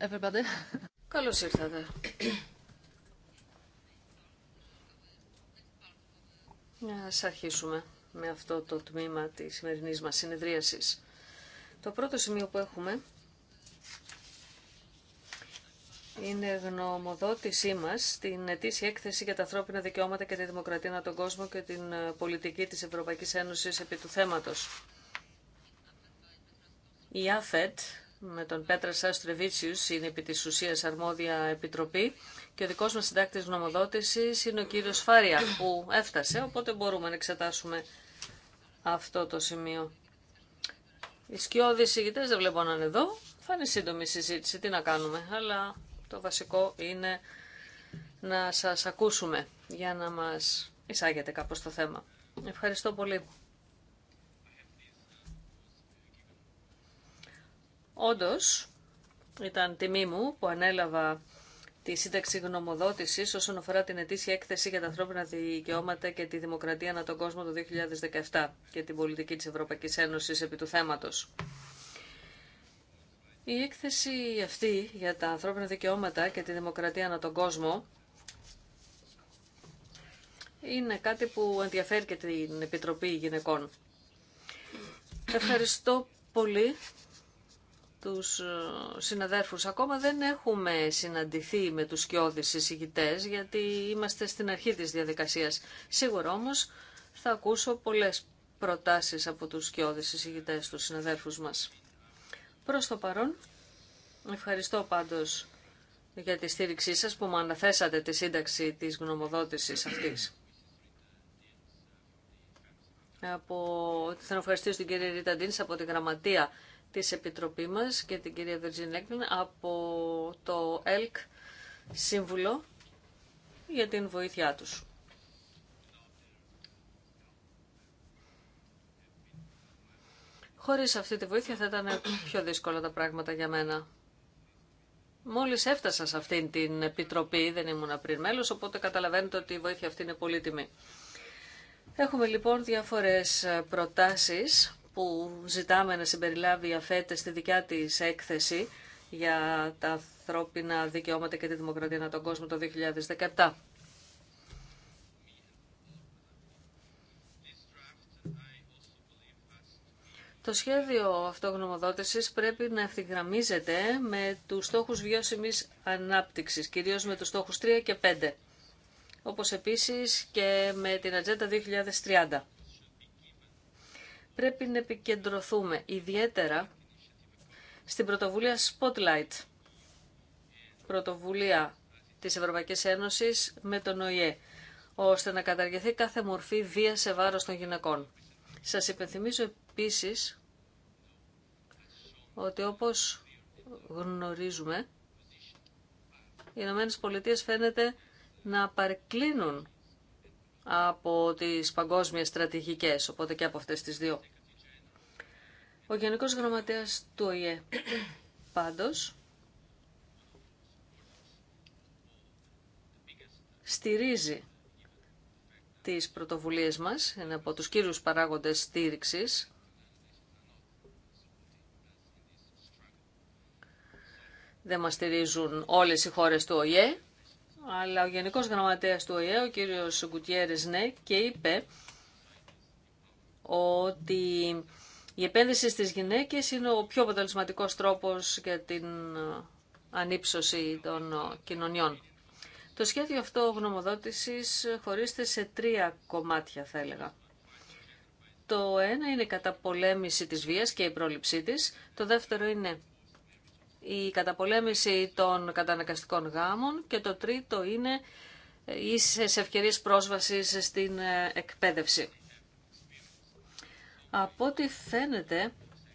everybody. Καλώς ήρθατε. Ας αρχίσουμε με αυτό το τμήμα της σημερινής μας συνεδρίασης. Το πρώτο σημείο που έχουμε είναι γνωμοδότησή μας στην ετήσια έκθεση για τα ανθρώπινα δικαιώματα και τη δημοκρατία ανά τον κόσμο και την ε, πολιτική της Ευρωπαϊκής Ένωσης επί του θέματος. Η ΑΦΕΤ με τον Πέτρα Αστρεβίτσιους, είναι επί της ουσίας αρμόδια επιτροπή και ο δικός μας συντάκτης γνωμοδότησης είναι ο κύριος Φάρια που έφτασε, οπότε μπορούμε να εξετάσουμε αυτό το σημείο. Οι σκιώδη ηγητές δεν βλέπω να είναι εδώ, θα είναι σύντομη συζήτηση, τι να κάνουμε, αλλά το βασικό είναι να σα ακούσουμε για να μας εισάγετε κάπως το θέμα. Ευχαριστώ πολύ. Όντως, ήταν τιμή μου που ανέλαβα τη σύνταξη γνωμοδότηση όσον αφορά την ετήσια έκθεση για τα ανθρώπινα δικαιώματα και τη δημοκρατία ανά τον κόσμο το 2017 και την πολιτική της Ευρωπαϊκής Ένωσης επί του θέματος. Η έκθεση αυτή για τα ανθρώπινα δικαιώματα και τη δημοκρατία ανά τον κόσμο είναι κάτι που ενδιαφέρει και την Επιτροπή Γυναικών. Ευχαριστώ πολύ τους ε, συναδέρφους. Ακόμα δεν έχουμε συναντηθεί με τους σκιώδεις εισηγητές γιατί είμαστε στην αρχή της διαδικασίας. Σίγουρα όμως θα ακούσω πολλές προτάσεις από τους σκιώδεις εισηγητές, τους συναδέρφους μας. Προς το παρόν, ευχαριστώ πάντως για τη στήριξή σας που μου αναθέσατε τη σύνταξη της γνωμοδότησης αυτής. Από... Θα ευχαριστήσω την κυρία Ρίτα από τη Γραμματεία της Επιτροπή μας και την κυρία Βερζινέκλιν από το ΕΛΚ Σύμβουλο για την βοήθειά τους. Χωρίς αυτή τη βοήθεια θα ήταν πιο δύσκολα τα πράγματα για μένα. Μόλις έφτασα σε αυτήν την επιτροπή, δεν ήμουν πριν μέλος, οπότε καταλαβαίνετε ότι η βοήθεια αυτή είναι πολύτιμη. Έχουμε λοιπόν διάφορες προτάσεις που ζητάμε να συμπεριλάβει η ΑΦΕΤΕ στη δικιά της έκθεση για τα ανθρώπινα δικαιώματα και τη δημοκρατία ανά τον κόσμο το 2017. Το σχέδιο αυτογνωμοδότησης πρέπει να ευθυγραμμίζεται με τους στόχους βιώσιμης ανάπτυξης, κυρίως με τους στόχους 3 και 5, όπως επίσης και με την Ατζέντα 2030 πρέπει να επικεντρωθούμε ιδιαίτερα στην πρωτοβουλία Spotlight, πρωτοβουλία της Ευρωπαϊκής Ένωσης με τον ΟΗΕ, ώστε να καταργηθεί κάθε μορφή βία σε βάρος των γυναικών. Σας υπενθυμίζω επίσης ότι όπως γνωρίζουμε, οι Ηνωμένε πολιτείες φαίνεται να παρεκκλίνουν από τις παγκόσμιες στρατηγικές, οπότε και από αυτές τις δύο. Ο Γενικός Γραμματέας του ΟΗΕ πάντως στηρίζει τις πρωτοβουλίες μας, είναι από τους κύριους παράγοντες στήριξης. Δεν μας στηρίζουν όλες οι χώρες του ΟΙΕ, αλλά ο Γενικός Γραμματέας του ΟΗΕ, ο κύριος Γκουτιέρες, ναι, και είπε ότι η επένδυση στις γυναίκες είναι ο πιο αποτελεσματικό τρόπος για την ε, ανύψωση των ε, κοινωνιών. Το σχέδιο αυτό γνωμοδότησης χωρίζεται σε τρία κομμάτια, θα έλεγα. Το ένα είναι η καταπολέμηση της βίας και η πρόληψή της. Το δεύτερο είναι η καταπολέμηση των καταναγκαστικών γάμων και το τρίτο είναι ίσες ευκαιρίες πρόσβασης στην ε, εκπαίδευση. Από ό,τι φαίνεται,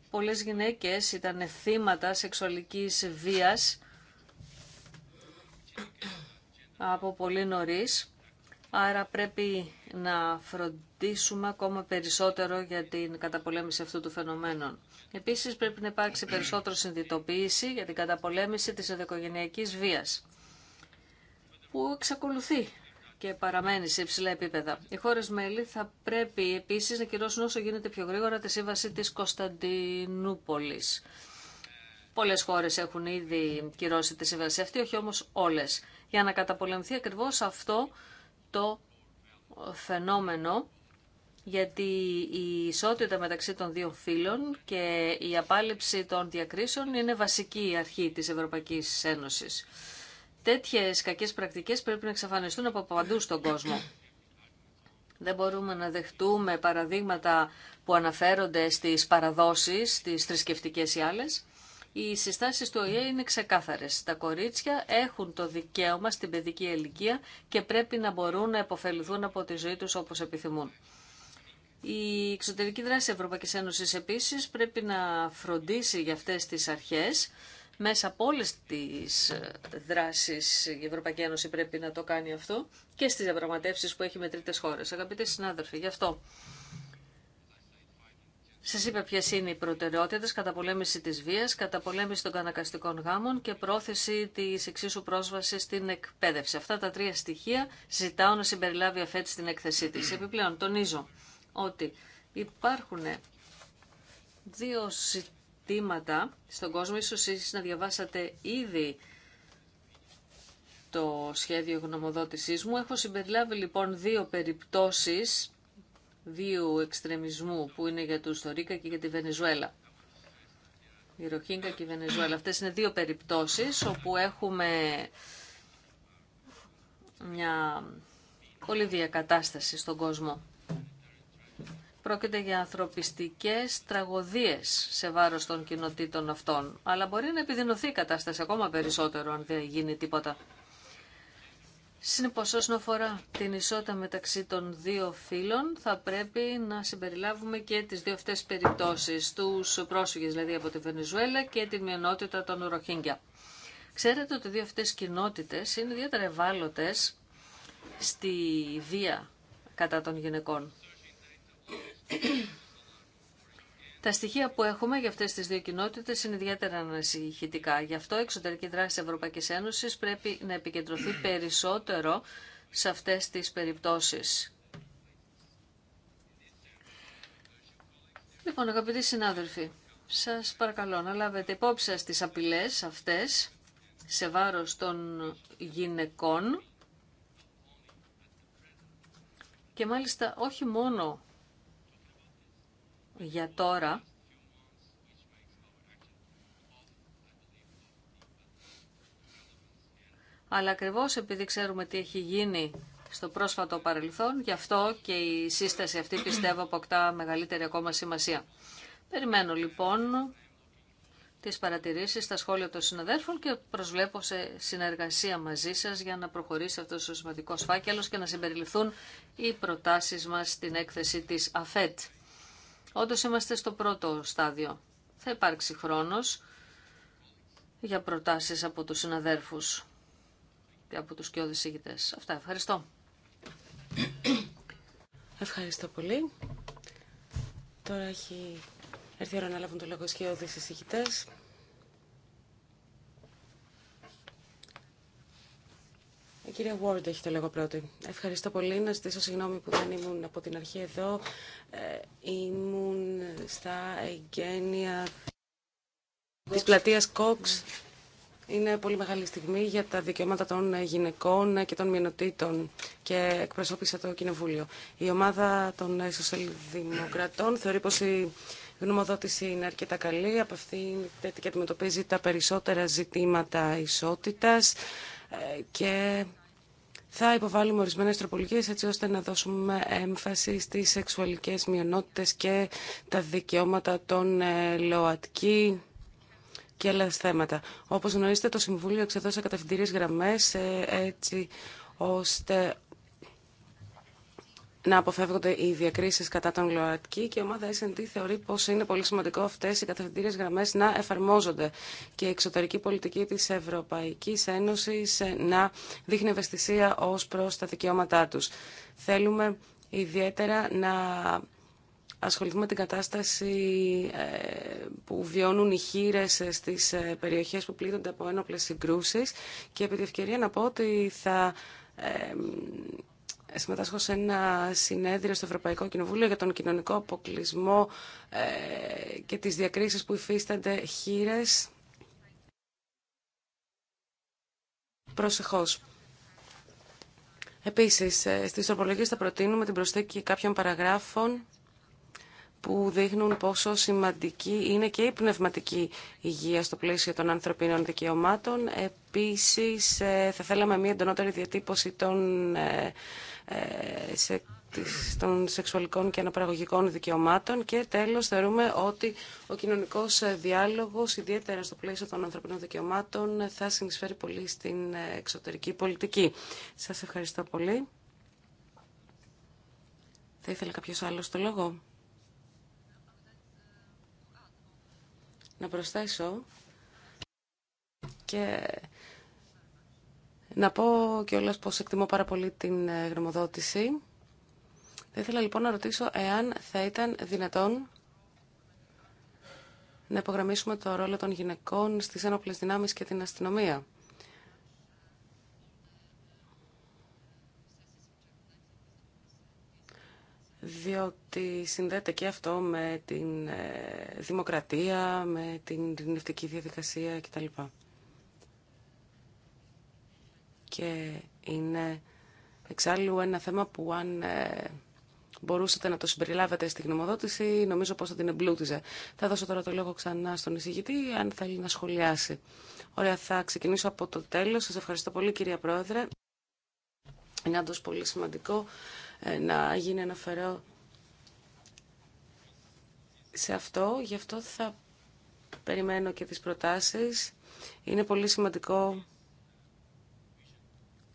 πολλές γυναίκες ήταν θύματα σεξουαλικής βίας από πολύ νωρίς, άρα πρέπει να φροντίσουμε ακόμα περισσότερο για την καταπολέμηση αυτού του φαινομένου. Επίσης πρέπει να υπάρξει περισσότερο συνδυτοποίηση για την καταπολέμηση της ενδοικογενειακής βίας, που εξακολουθεί και παραμένει σε υψηλά επίπεδα. Οι χώρες μέλη θα πρέπει επίσης να κυρώσουν όσο γίνεται πιο γρήγορα τη σύμβαση της Κωνσταντινούπολης. Πολλές χώρες έχουν ήδη κυρώσει τη σύμβαση αυτή, όχι όμως όλες. Για να καταπολεμηθεί ακριβώς αυτό το φαινόμενο γιατί η ισότητα μεταξύ των δύο φύλων και η απάλληψη των διακρίσεων είναι βασική αρχή της Ευρωπαϊκής Ένωσης. Τέτοιες κακές πρακτικές πρέπει να εξαφανιστούν από παντού στον κόσμο. Δεν μπορούμε να δεχτούμε παραδείγματα που αναφέρονται στις παραδόσεις, στις θρησκευτικέ ή άλλες. Οι συστάσεις του ΟΗΕ είναι ξεκάθαρες. Τα κορίτσια έχουν το δικαίωμα στην παιδική ηλικία και πρέπει να μπορούν να επωφεληθούν από τη ζωή τους όπως επιθυμούν. Η εξωτερική δράση της Ευρωπαϊκής Ένωσης επίσης πρέπει να φροντίσει για αυτές τις αρχές. Μέσα από όλες τις ε, δράσεις η Ευρωπαϊκή Ένωση πρέπει να το κάνει αυτό και στις διαπραγματεύσει που έχει με τρίτες χώρες. Αγαπητοί συνάδελφοι, γι' αυτό Σα είπα ποιε είναι οι προτεραιότητε, καταπολέμηση τη βία, καταπολέμηση των κανακαστικών γάμων και πρόθεση τη εξίσου πρόσβαση στην εκπαίδευση. Αυτά τα τρία στοιχεία ζητάω να συμπεριλάβει αφέτη στην έκθεσή τη. Επιπλέον, τονίζω ότι υπάρχουν δύο ζητήματα στον κόσμο. Ίσως εσείς να διαβάσατε ήδη το σχέδιο γνωμοδότησής μου. Έχω συμπεριλάβει λοιπόν δύο περιπτώσεις δύο εξτρεμισμού που είναι για τους Θωρίκα και για τη Βενεζουέλα. Η Ροχίνκα και η Βενεζουέλα. Αυτές είναι δύο περιπτώσεις όπου έχουμε μια πολύ διακατάσταση στον κόσμο. Πρόκειται για ανθρωπιστικές τραγωδίες σε βάρος των κοινοτήτων αυτών, αλλά μπορεί να επιδεινωθεί η κατάσταση ακόμα περισσότερο αν δεν γίνει τίποτα. Συνεπώς, όσον αφορά την ισότητα μεταξύ των δύο φύλων, θα πρέπει να συμπεριλάβουμε και τις δύο αυτές περιπτώσεις, τους πρόσφυγες δηλαδή από τη Βενεζουέλα και την μειονότητα των Ροχίνγκια. Ξέρετε ότι οι δύο αυτές κοινότητες είναι ιδιαίτερα ευάλωτε στη βία κατά των γυναικών. Τα στοιχεία που έχουμε για αυτές τις δύο κοινότητες είναι ιδιαίτερα ανησυχητικά. Γι' αυτό η εξωτερική δράση της Ευρωπαϊκής Ένωσης πρέπει να επικεντρωθεί περισσότερο σε αυτέ τις περιπτώσεις. Λοιπόν, αγαπητοί συνάδελφοι, σας παρακαλώ να λάβετε υπόψη σα τι απειλές αυτές σε βάρο των γυναικών και μάλιστα όχι μόνο για τώρα αλλά ακριβώς επειδή ξέρουμε τι έχει γίνει στο πρόσφατο παρελθόν, γι' αυτό και η σύσταση αυτή πιστεύω αποκτά μεγαλύτερη ακόμα σημασία. Περιμένω λοιπόν τις παρατηρήσεις τα σχόλια των συναδέρφων και προσβλέπω σε συνεργασία μαζί σας για να προχωρήσει αυτός ο σημαντικός φάκελος και να συμπεριληφθούν οι προτάσεις μας στην έκθεση της ΑΦΕΤ. Όντως είμαστε στο πρώτο στάδιο. Θα υπάρξει χρόνος για προτάσεις από τους συναδέρφους και από τους κοιόδης ηγητές. Αυτά, ευχαριστώ. Ευχαριστώ πολύ. Τώρα έχει έρθει η ώρα να λάβουν το λόγο σκιώδεις εισηγητές. Η ε, κυρία Ward έχει το λόγο πρώτη. Ευχαριστώ πολύ. Να ζητήσω συγγνώμη που δεν ήμουν από την αρχή εδώ. Ε, ήμουν στα εγγένεια της πλατείας Κόξ. Είναι πολύ μεγάλη στιγμή για τα δικαιώματα των γυναικών και των μειονοτήτων και εκπροσώπησα το Κοινοβούλιο. Η ομάδα των Σοσιαλδημοκρατών θεωρεί πως η γνωμοδότηση είναι αρκετά καλή, απευθύνεται και αντιμετωπίζει τα περισσότερα ζητήματα ισότητας, και θα υποβάλουμε ορισμένες τροπολογίες έτσι ώστε να δώσουμε έμφαση στις σεξουαλικές μειονότητες και τα δικαιώματα των ε, ΛΟΑΤΚΙ και άλλα θέματα. Όπως γνωρίζετε το Συμβούλιο εξεδόσε κατευθυντήριες γραμμές ε, έτσι ώστε να αποφεύγονται οι διακρίσεις κατά τον ΛΟΑΤΚΙ και η ομάδα S&D θεωρεί πως είναι πολύ σημαντικό αυτές οι κατευθυντήρε γραμμές να εφαρμόζονται και η εξωτερική πολιτική της Ευρωπαϊκής Ένωσης ε, να δείχνει ευαισθησία ως προ τα δικαιώματά του. Θέλουμε ιδιαίτερα να ασχοληθούμε με την κατάσταση ε, που βιώνουν οι χείρε ε, στι περιοχέ που πλήττονται από ένοπλε συγκρούσει και επί τη ευκαιρία να πω ότι θα συμμετάσχω σε ένα συνέδριο στο Ευρωπαϊκό Κοινοβούλιο για τον κοινωνικό αποκλεισμό ε, και τις διακρίσεις που υφίστανται χείρες. Προσεχώς. Επίσης, ε, στις τροπολογίες θα προτείνουμε την προσθήκη κάποιων παραγράφων που δείχνουν πόσο σημαντική είναι και η πνευματική υγεία στο πλαίσιο των ανθρωπίνων δικαιωμάτων. Επίσης, ε, θα θέλαμε μια εντονότερη διατύπωση των ε, σε των σεξουαλικών και αναπαραγωγικών δικαιωμάτων και τέλος θεωρούμε ότι ο κοινωνικός ε, διάλογος ιδιαίτερα στο πλαίσιο των ανθρωπίνων δικαιωμάτων ε, θα συνεισφέρει πολύ στην εξωτερική πολιτική. Σας ευχαριστώ πολύ. Θα ήθελε κάποιος άλλος το λόγο. Να προσθέσω και να πω κιόλα πως εκτιμώ πάρα πολύ την ε, γνωμοδότηση. Θα ήθελα λοιπόν να ρωτήσω εάν θα ήταν δυνατόν να υπογραμμίσουμε το ρόλο των γυναικών στις ένοπλες δυνάμεις και την αστυνομία. διότι συνδέεται και αυτό με την ε, δημοκρατία, με την ειρηνευτική διαδικασία κτλ και είναι εξάλλου ένα θέμα που αν ε, μπορούσατε να το συμπεριλάβετε στη γνωμοδότηση, νομίζω πως θα την εμπλούτιζε. Θα δώσω τώρα το λόγο ξανά στον εισηγητή, αν θέλει να σχολιάσει. Ωραία, θα ξεκινήσω από το τέλος. Σας ευχαριστώ πολύ κυρία Πρόεδρε. Είναι άντως πολύ σημαντικό ε, να γίνει αναφερό σε αυτό, γι' αυτό θα περιμένω και τις προτάσεις. Είναι πολύ σημαντικό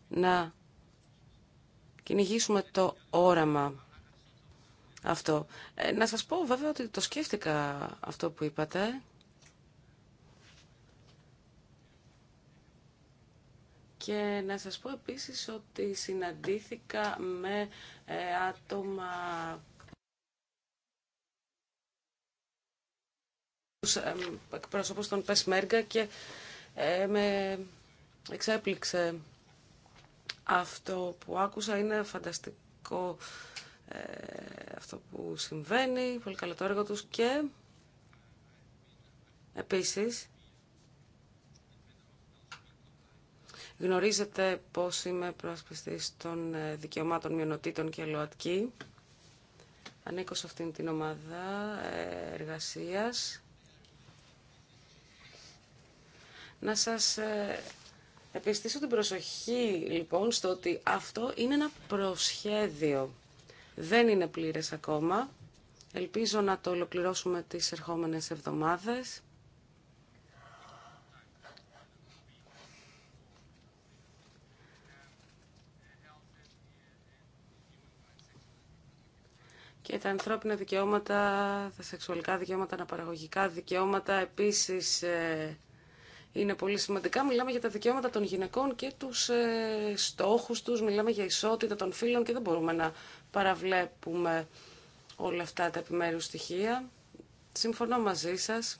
να κυνηγήσουμε το όραμα αυτό. Ε, να σας πω βέβαια ότι το σκέφτηκα αυτό που είπατε. Και να σας πω επίσης ότι συναντήθηκα με ε, άτομα ε, εκπρόσωπους των Πεσμέργα και ε, με εξέπληξε αυτό που άκουσα είναι φανταστικό ε, αυτό που συμβαίνει, πολύ καλό το έργο τους και επίσης γνωρίζετε πώς είμαι προασπιστής των ε, δικαιωμάτων μειονοτήτων και ΛΟΑΤΚΙ. Ανήκω σε αυτήν την ομάδα ε, εργασίας. Να σας επιστήσω την προσοχή λοιπόν στο ότι αυτό είναι ένα προσχέδιο. Δεν είναι πλήρες ακόμα. Ελπίζω να το ολοκληρώσουμε τις ερχόμενες εβδομάδες. Και τα ανθρώπινα δικαιώματα, τα σεξουαλικά δικαιώματα, τα παραγωγικά δικαιώματα επίσης ε, είναι πολύ σημαντικά. Μιλάμε για τα δικαιώματα των γυναικών και τους ε, στόχους τους, μιλάμε για ισότητα των φίλων και δεν μπορούμε να παραβλέπουμε όλα αυτά τα επιμέρους στοιχεία. Συμφωνώ μαζί σας.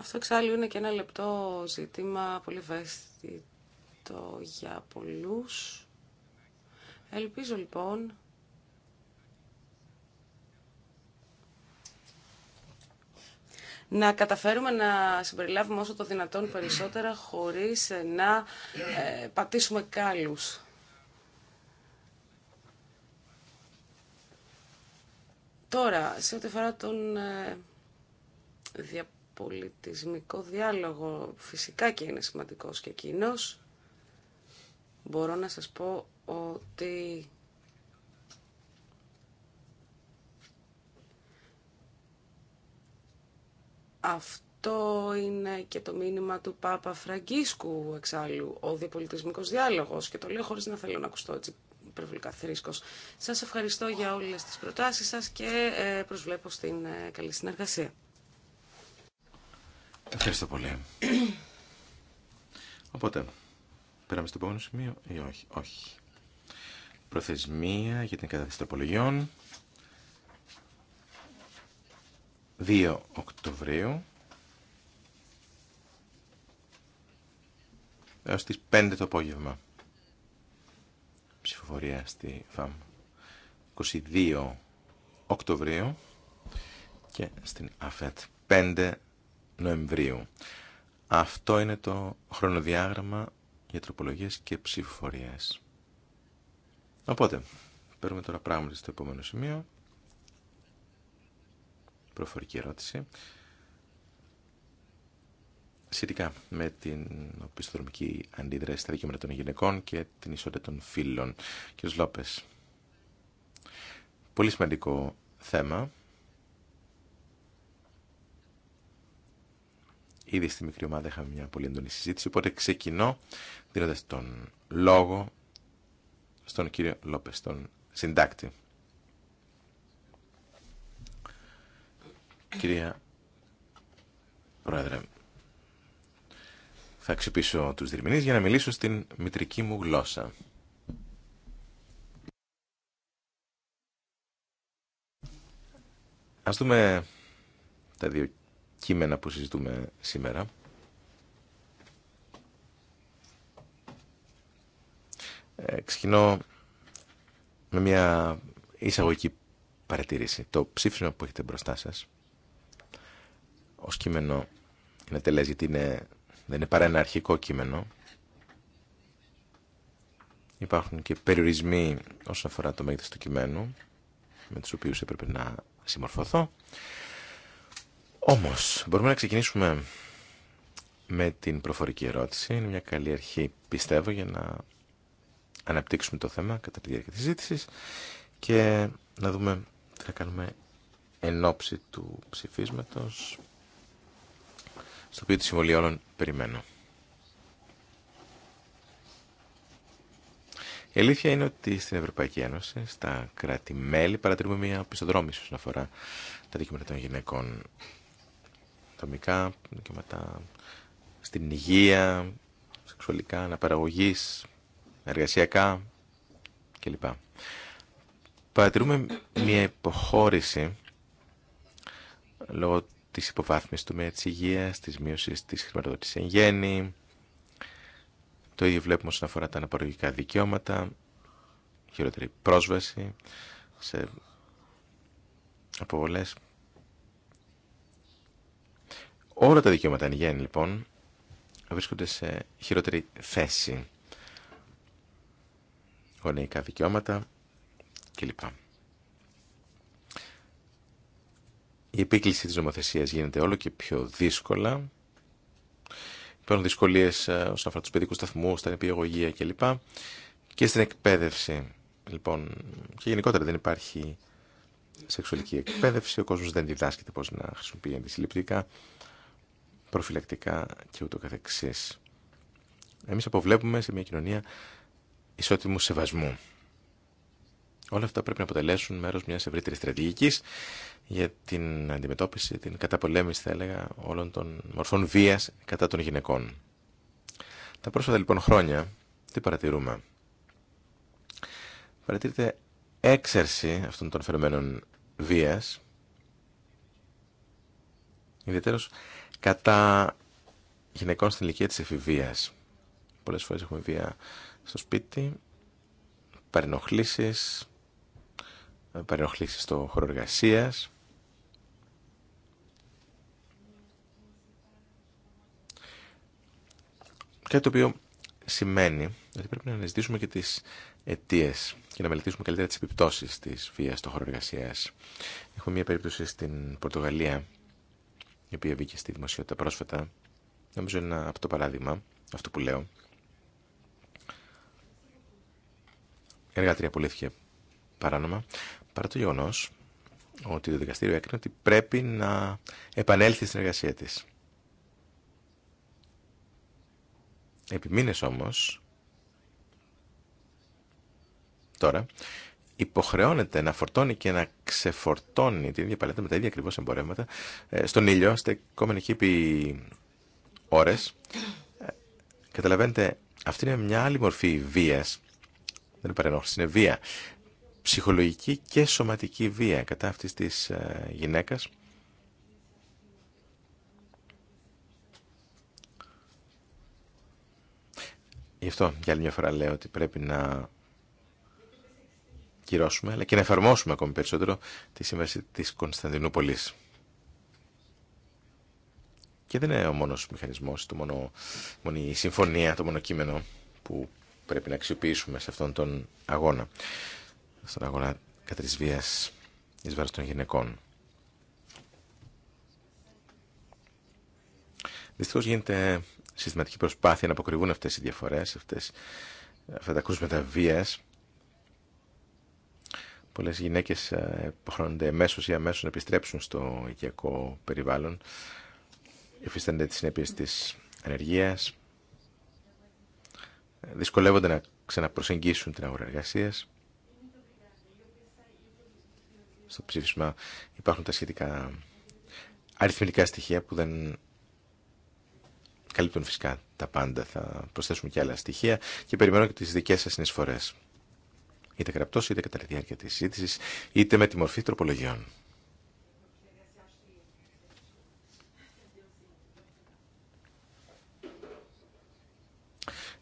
Αυτό εξάλλου είναι και ένα λεπτό ζήτημα, πολύ ευαίσθητο για πολλούς. Ελπίζω λοιπόν να καταφέρουμε να συμπεριλάβουμε όσο το δυνατόν περισσότερα χωρίς ε, να ε, πατήσουμε κάλους. Τώρα, σε ό,τι αφορά τον ε, διαπολιτισμικό διάλογο, φυσικά και είναι σημαντικός και εκείνος, μπορώ να σας πω ότι Αυτό είναι και το μήνυμα του Πάπα Φραγκίσκου εξάλλου, ο διαπολιτισμικός διάλογος και το λέω χωρίς να θέλω να ακουστώ έτσι υπερβολικά θρήσκος. Σας ευχαριστώ για όλες τις προτάσεις σας και ε, προσβλέπω στην ε, καλή συνεργασία. Ευχαριστώ πολύ. Οπότε, πέραμε στο επόμενο σημείο ή όχι. όχι. Προθεσμία για την κατάθεση τροπολογιών. 2 Οκτωβρίου έως τις 5 το απόγευμα. Ψηφοφορία στη ΦΑΜ. 22 Οκτωβρίου και στην ΑΦΕΤ 5 Νοεμβρίου. Αυτό είναι το χρονοδιάγραμμα για τροπολογίες και ψηφοφορίες. Οπότε, παίρνουμε τώρα πράγματα στο επόμενο σημείο προφορική ερώτηση σχετικά με την οπισθοδρομική αντίδραση στα δικαιώματα των γυναικών και την ισότητα των φίλων. Κ. Λόπες, πολύ σημαντικό θέμα. Ήδη στη μικρή ομάδα είχαμε μια πολύ έντονη συζήτηση, οπότε ξεκινώ δίνοντα τον λόγο στον κύριο Λόπες, τον συντάκτη. Κυρία Πρόεδρε, θα ξυπήσω τους διερμηνείς για να μιλήσω στην μητρική μου γλώσσα. Ας δούμε τα δύο κείμενα που συζητούμε σήμερα. Ε, ξεκινώ με μια εισαγωγική παρατήρηση. Το ψήφισμα που έχετε μπροστά σας ως κείμενο είναι τελές γιατί είναι, δεν είναι παρά ένα αρχικό κείμενο. Υπάρχουν και περιορισμοί όσον αφορά το μέγεθος του κειμένου με τους οποίους έπρεπε να συμμορφωθώ. Όμως, μπορούμε να ξεκινήσουμε με την προφορική ερώτηση. Είναι μια καλή αρχή, πιστεύω, για να αναπτύξουμε το θέμα κατά τη διάρκεια της ζήτησης και να δούμε τι θα κάνουμε εν του ψηφίσματος στο οποίο τη συμβολή όλων περιμένω. Η αλήθεια είναι ότι στην Ευρωπαϊκή Ένωση, στα κράτη-μέλη, παρατηρούμε μια πιστοδρόμηση όσον αφορά τα δικαιώματα των γυναικών. Ατομικά, δικαιώματα στην υγεία, σεξουαλικά, αναπαραγωγή, εργασιακά κλπ. Παρατηρούμε μια υποχώρηση λόγω της υποβάθμισης του μέτρης της υγείας, της μείωσης της χρηματοδότησης εν γέννη. Το ίδιο βλέπουμε όσον αφορά τα αναπαραγωγικά δικαιώματα, χειρότερη πρόσβαση σε αποβολές. Όλα τα δικαιώματα εν γέννη, λοιπόν, βρίσκονται σε χειρότερη θέση. Γονεϊκά δικαιώματα κλπ. Η επίκληση της νομοθεσίας γίνεται όλο και πιο δύσκολα. Υπάρχουν δυσκολίες ε, όσον αφορά τους παιδικούς σταθμούς, τα νεπιαγωγεία κλπ. Και στην εκπαίδευση, λοιπόν, και γενικότερα δεν υπάρχει σεξουαλική εκπαίδευση, ο κόσμος δεν διδάσκεται πώς να χρησιμοποιεί αντισυλληπτικά, προφυλακτικά και ούτω Εμείς αποβλέπουμε σε μια κοινωνία ισότιμου σεβασμού. Όλα αυτά πρέπει να αποτελέσουν μέρος μιας ευρύτερη στρατηγική για την αντιμετώπιση, την καταπολέμηση θα έλεγα όλων των μορφών βία κατά των γυναικών. Τα πρόσφατα λοιπόν χρόνια τι παρατηρούμε. Παρατηρείται έξαρση αυτών των φαινομένων βία. ιδιαίτερω κατά γυναικών στην ηλικία τη εφηβεία. Πολλέ φορέ έχουμε βία στο σπίτι, παρενοχλήσει παρενοχλήσεις στο χώρο εργασία. Κάτι το οποίο σημαίνει ότι δηλαδή πρέπει να αναζητήσουμε και τις αιτίε και να μελετήσουμε καλύτερα τις επιπτώσεις της βίας στο χώρο εργασία. Έχουμε μια περίπτωση στην Πορτογαλία, η οποία βγήκε στη δημοσιότητα πρόσφατα. Νομίζω είναι ένα το παράδειγμα, αυτό που λέω. εργατρία απολύθηκε παράνομα. Παρά το γεγονό ότι το δικαστήριο έκρινε ότι πρέπει να επανέλθει στην εργασία της. Επί μήνες όμως, τώρα, υποχρεώνεται να φορτώνει και να ξεφορτώνει την ίδια παλέτα με τα ίδια ακριβώς εμπορεύματα ε, στον ήλιο, στεκόμενοι εκεί επί ώρες. Ε, καταλαβαίνετε, αυτή είναι μια άλλη μορφή βίας. Δεν είναι παρενόχληση, είναι βία ψυχολογική και σωματική βία κατά αυτής της ε, γυναίκας. Γι' αυτό για άλλη μια φορά λέω ότι πρέπει να κυρώσουμε αλλά και να εφαρμόσουμε ακόμη περισσότερο τη σύμβαση της Κωνσταντινούπολης. Και δεν είναι ο μόνος μηχανισμός, το μόνο, μόνη η συμφωνία, το μόνο κείμενο που πρέπει να αξιοποιήσουμε σε αυτόν τον αγώνα στον αγώνα κατά της βίας εις βάρος των γυναικών. Δυστυχώς γίνεται συστηματική προσπάθεια να αποκρυβούν αυτές οι διαφορές, αυτές, αυτά τα κρούσματα βίας. Πολλές γυναίκες ε, υποχρεώνονται εμέσως ή αμέσως να επιστρέψουν στο οικιακό περιβάλλον. Υφίστανται τις συνέπειες της ανεργίας. Ε, δυσκολεύονται να ξαναπροσεγγίσουν την αγορά εργασίας στο ψήφισμα υπάρχουν τα σχετικά αριθμητικά στοιχεία που δεν καλύπτουν φυσικά τα πάντα. Θα προσθέσουμε και άλλα στοιχεία και περιμένω και τις δικές σας συνεισφορές. Είτε γραπτός, είτε κατά τη διάρκεια της συζήτησης, είτε με τη μορφή τροπολογιών.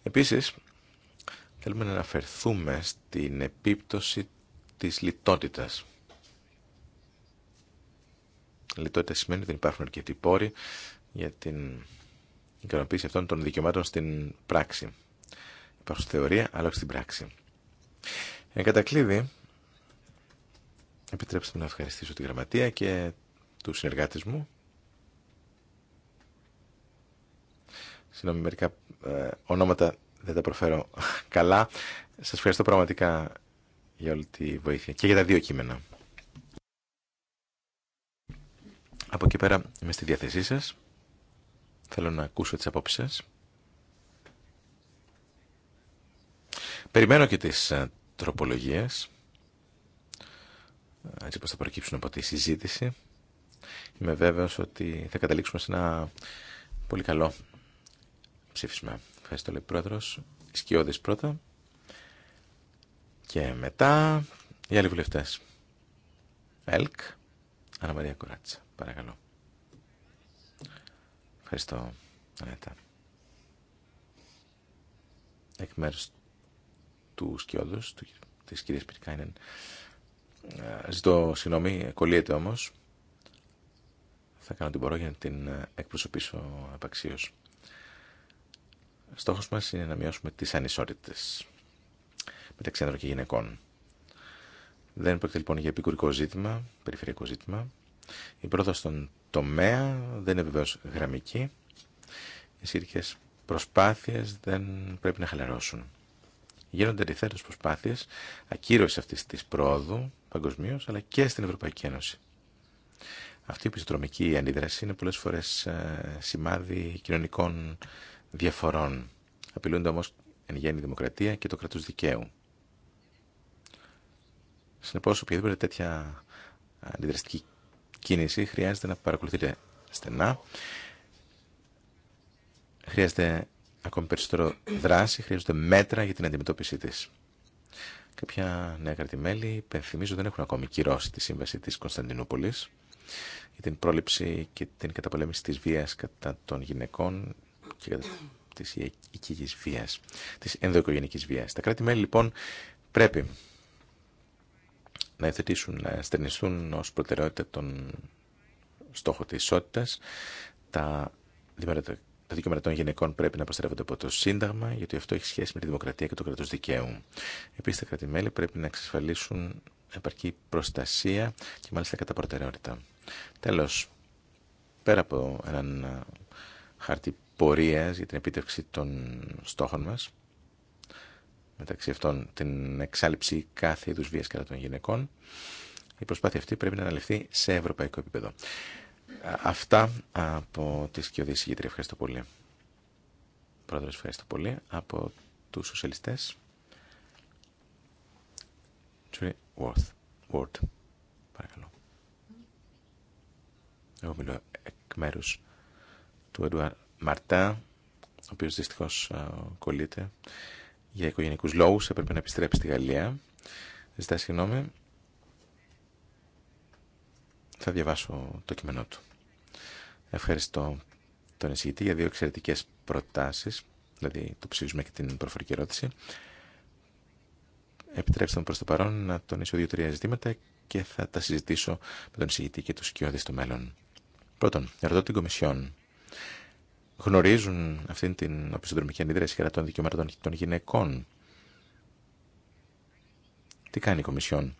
Επίσης, θέλουμε να αναφερθούμε στην επίπτωση της λιτότητας. Λιτότητα σημαίνει ότι δεν υπάρχουν αρκετοί πόροι για την ικανοποίηση αυτών των δικαιωμάτων στην πράξη. Υπάρχουν στη θεωρία, αλλά όχι στην πράξη. Εν κατακλείδη, επιτρέψτε μου να ευχαριστήσω τη Γραμματεία και του συνεργάτε μου. Συγγνώμη, μερικά ε, ονόματα δεν τα προφέρω καλά. Σας ευχαριστώ πραγματικά για όλη τη βοήθεια και για τα δύο κείμενα. Από εκεί πέρα είμαι στη διάθεσή σας. Θέλω να ακούσω τις απόψεις σας. Περιμένω και τις ε, τροπολογίες, έτσι πως θα προκύψουν από τη συζήτηση. Είμαι βέβαιος ότι θα καταλήξουμε σε ένα πολύ καλό ψήφισμα. Ευχαριστώ, λέει πρόεδρος. Σκιώδης πρώτα και μετά οι άλλοι βουλευτές. ΕΛΚ, Αναμαρία Κουράτσα. Παρακαλώ. Ευχαριστώ, Ανέτα. Εκ μέρους του Σκιώδους, του, της κυρίας Πυρκάινεν, ε, ζητώ συγγνώμη, κολλείεται όμως. Θα κάνω την μπορώ για να την ε, εκπροσωπήσω απαξίως. Στόχος μας είναι να μειώσουμε τις ανισότητες μεταξύ άνδρων και γυναικών. Δεν πρόκειται λοιπόν για επικουρικό ζήτημα, περιφερειακό ζήτημα. Η πρόοδος στον τομέα δεν είναι βεβαίως γραμμική. Οι σχετικέ προσπάθειες δεν πρέπει να χαλαρώσουν. Γίνονται αντιθέτω προσπάθειες ακύρωση αυτής της πρόοδου παγκοσμίω, αλλά και στην Ευρωπαϊκή Ένωση. Αυτή η επιστρομική αντίδραση είναι πολλές φορές ε, σημάδι κοινωνικών διαφορών. Απειλούνται όμω εν γέννη δημοκρατία και το κρατούς δικαίου. Συνεπώ, οποιαδήποτε τέτοια αντιδραστική κίνηση χρειάζεται να παρακολουθείτε στενά. Χρειάζεται ακόμη περισσότερο δράση, χρειάζονται μέτρα για την αντιμετώπιση της. Κάποια νέα κρατημέλη, υπενθυμίζω, δεν έχουν ακόμη κυρώσει τη σύμβαση της Κωνσταντινούπολης για την πρόληψη και την καταπολέμηση της βίας κατά των γυναικών και κατά της οικικής βίας, της βίας. Τα κράτη-μέλη λοιπόν πρέπει να υιοθετήσουν, να στερνιστούν ως προτεραιότητα τον στόχο της ισότητας. Τα, τα δικαιώματα των γυναικών πρέπει να προστατεύονται από το Σύνταγμα, γιατί αυτό έχει σχέση με τη δημοκρατία και το κράτος δικαίου. Επίσης, τα κράτη-μέλη πρέπει να εξασφαλίσουν επαρκή προστασία και μάλιστα κατά προτεραιότητα. Τέλο, πέρα από έναν χάρτη πορεία για την επίτευξη των στόχων μα μεταξύ αυτών την εξάλληψη κάθε είδου βία κατά των γυναικών. Η προσπάθεια αυτή πρέπει να αναλυφθεί σε ευρωπαϊκό επίπεδο. Αυτά από τη Σκιωδή Συγγήτρια. Ευχαριστώ πολύ. Πρόεδρος, ευχαριστώ πολύ. Από τους σοσιαλιστές. Worth. Word. Παρακαλώ. Εγώ μιλώ εκ μέρου του Εντουάρ Μαρτά, ο οποίο δυστυχώ κολλείται για οικογενικούς λόγους, έπρεπε να επιστρέψει στη Γαλλία. Ζητά συγγνώμη. Θα διαβάσω το κείμενό του. Ευχαριστώ τον εισηγητή για δύο εξαιρετικέ προτάσεις, δηλαδή το ψήφισμα και την προφορική ερώτηση. Επιτρέψτε μου προς το παρόν να τονίσω δύο-τρία ζητήματα και θα τα συζητήσω με τον εισηγητή και τους κοιόδες στο μέλλον. Πρώτον, ερωτώ την Κομισιόν γνωρίζουν αυτήν την οπισθοδρομική αντίδραση κατά των δικαιωμάτων των γυναικών. Τι κάνει η Κομισιόν.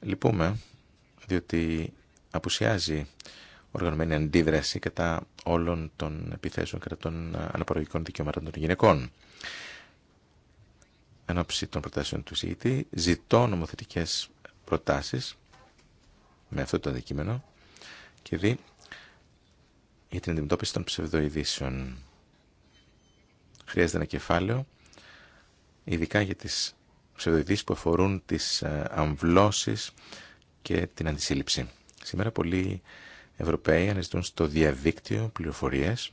Λυπούμε, διότι απουσιάζει οργανωμένη αντίδραση κατά όλων των επιθέσεων κατά των αναπαραγωγικών δικαιωμάτων των γυναικών. Εν ώψη των προτάσεων του ΣΥΙΤΗ, ζητώ νομοθετικές προτάσεις με αυτό το αντικείμενο και δει για την αντιμετώπιση των ψευδοειδήσεων. Χρειάζεται ένα κεφάλαιο, ειδικά για τις ψευδοειδήσεις που αφορούν τις ε, αμβλώσεις και την αντισύλληψη. Σήμερα πολλοί Ευρωπαίοι αναζητούν στο διαδίκτυο πληροφορίες.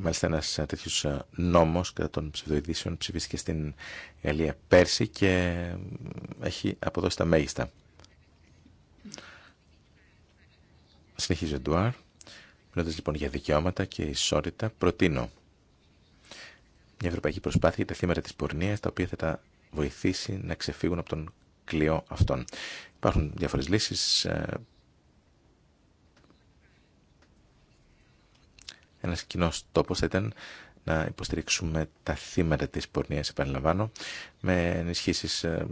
Μάλιστα ένας ε, τέτοιο ε, νόμος κατά των ψευδοειδήσεων ψηφίστηκε στην Γαλλία πέρσι και έχει αποδώσει τα μέγιστα Συνεχίζει ο Ντουάρ. Μιλώντα λοιπόν για δικαιώματα και ισότητα, προτείνω μια ευρωπαϊκή προσπάθεια για τα θύματα τη πορνεία, τα οποία θα τα βοηθήσει να ξεφύγουν από τον κλειό αυτών. Υπάρχουν διάφορε λύσει. Ε, Ένα κοινό τόπο θα ήταν να υποστηρίξουμε τα θύματα της πορνείας, επαναλαμβάνω, με ενισχύσεις, ε,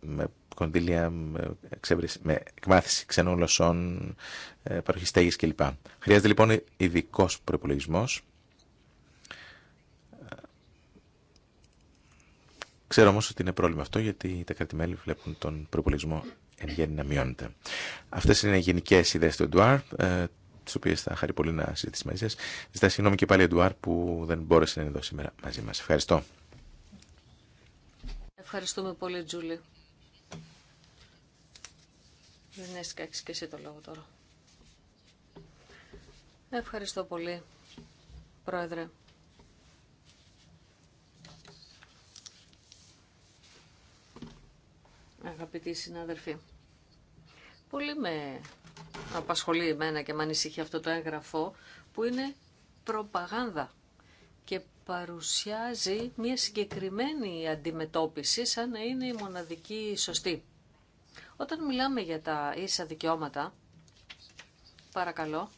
με κονδύλια με εκμάθηση ξενών γλωσσών, ε, παροχή στέγη κλπ. Χρειάζεται λοιπόν ειδικό προπολογισμό. Ξέρω όμω ότι είναι πρόβλημα αυτό γιατί τα κρατημέλη βλέπουν τον προπολογισμό εν γέννη να μειώνεται. Αυτέ είναι οι γενικέ ιδέε του Εντουάρ, ε, τι οποίε θα χαρεί πολύ να συζητήσει μαζί σα. Ζητά συγγνώμη και πάλι Εντουάρ που δεν μπόρεσε να είναι εδώ σήμερα μαζί μα. Ευχαριστώ. Ευχαριστούμε πολύ, Τζούλη. Δεν έχεις και εσύ το λόγο τώρα. Ευχαριστώ πολύ, Πρόεδρε. Αγαπητοί συνάδελφοι, πολύ με απασχολεί εμένα και με ανησυχεί αυτό το έγγραφο που είναι προπαγάνδα και παρουσιάζει μια συγκεκριμένη αντιμετώπιση σαν να είναι η μοναδική σωστή. Όταν μιλάμε για τα ίσα δικαιώματα, παρακαλώ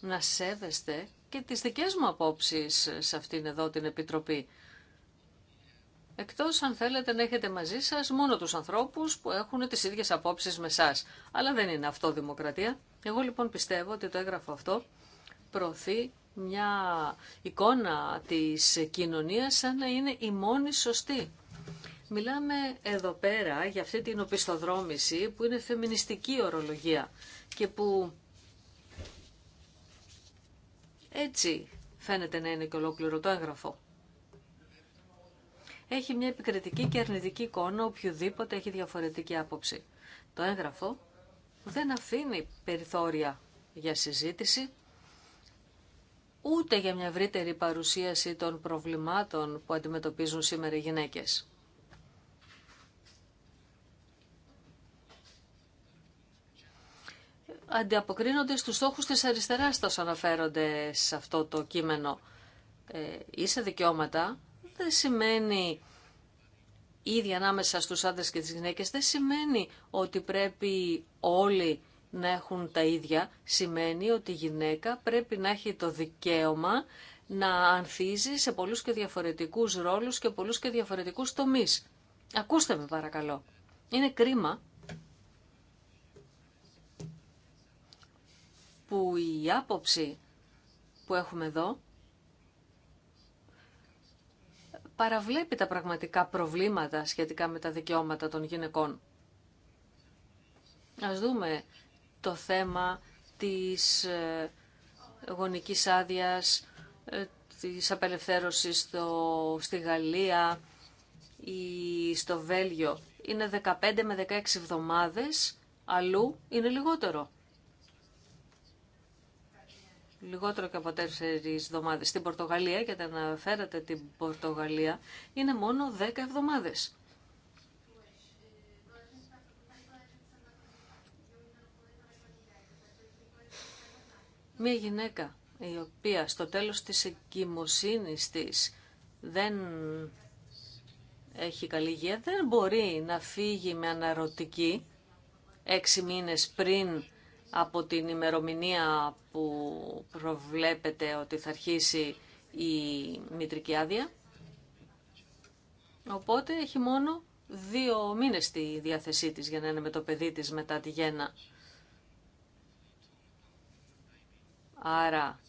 να σέβεστε και τις δικές μου απόψεις σε αυτήν εδώ την Επιτροπή. Εκτός αν θέλετε να έχετε μαζί σας μόνο τους ανθρώπους που έχουν τις ίδιες απόψεις με εσά. Αλλά δεν είναι αυτό δημοκρατία. Εγώ λοιπόν πιστεύω ότι το έγγραφο αυτό προωθεί μια εικόνα της κοινωνίας σαν να είναι η μόνη σωστή. Μιλάμε εδώ πέρα για αυτή την οπισθοδρόμηση που είναι φεμινιστική ορολογία και που έτσι φαίνεται να είναι και ολόκληρο το έγγραφο. Έχει μια επικριτική και αρνητική εικόνα οποιοδήποτε έχει διαφορετική άποψη. Το έγγραφο δεν αφήνει περιθώρια για συζήτηση, ούτε για μια ευρύτερη παρουσίαση των προβλημάτων που αντιμετωπίζουν σήμερα οι γυναίκες. αντιαποκρίνονται στους στόχους της αριστεράς τόσο αναφέρονται σε αυτό το κείμενο. Ε, ίσα δικαιώματα δεν σημαίνει ίδια ανάμεσα στους άντρες και τις γυναίκες, δεν σημαίνει ότι πρέπει όλοι να έχουν τα ίδια. Σημαίνει ότι η γυναίκα πρέπει να έχει το δικαίωμα να ανθίζει σε πολλούς και διαφορετικούς ρόλους και πολλούς και διαφορετικούς τομείς. Ακούστε με παρακαλώ. Είναι κρίμα που η άποψη που έχουμε εδώ παραβλέπει τα πραγματικά προβλήματα σχετικά με τα δικαιώματα των γυναικών. Ας δούμε το θέμα της ε, γονικής άδειας, ε, της απελευθέρωσης στο, στη Γαλλία ή στο Βέλγιο. Είναι 15 με 16 εβδομάδες, αλλού είναι λιγότερο λιγότερο και από τέσσερι εβδομάδε. Στην Πορτογαλία, γιατί αναφέρατε την Πορτογαλία, είναι μόνο δέκα εβδομάδε. Μία γυναίκα η οποία στο τέλος της εγκυμοσύνης της δεν έχει καλή υγεία, δεν μπορεί να φύγει με αναρωτική έξι μήνες πριν από την ημερομηνία που προβλέπεται ότι θα αρχίσει η μητρική άδεια. Οπότε έχει μόνο δύο μήνες στη διάθεσή της για να είναι με το παιδί της μετά τη γέννα. Άρα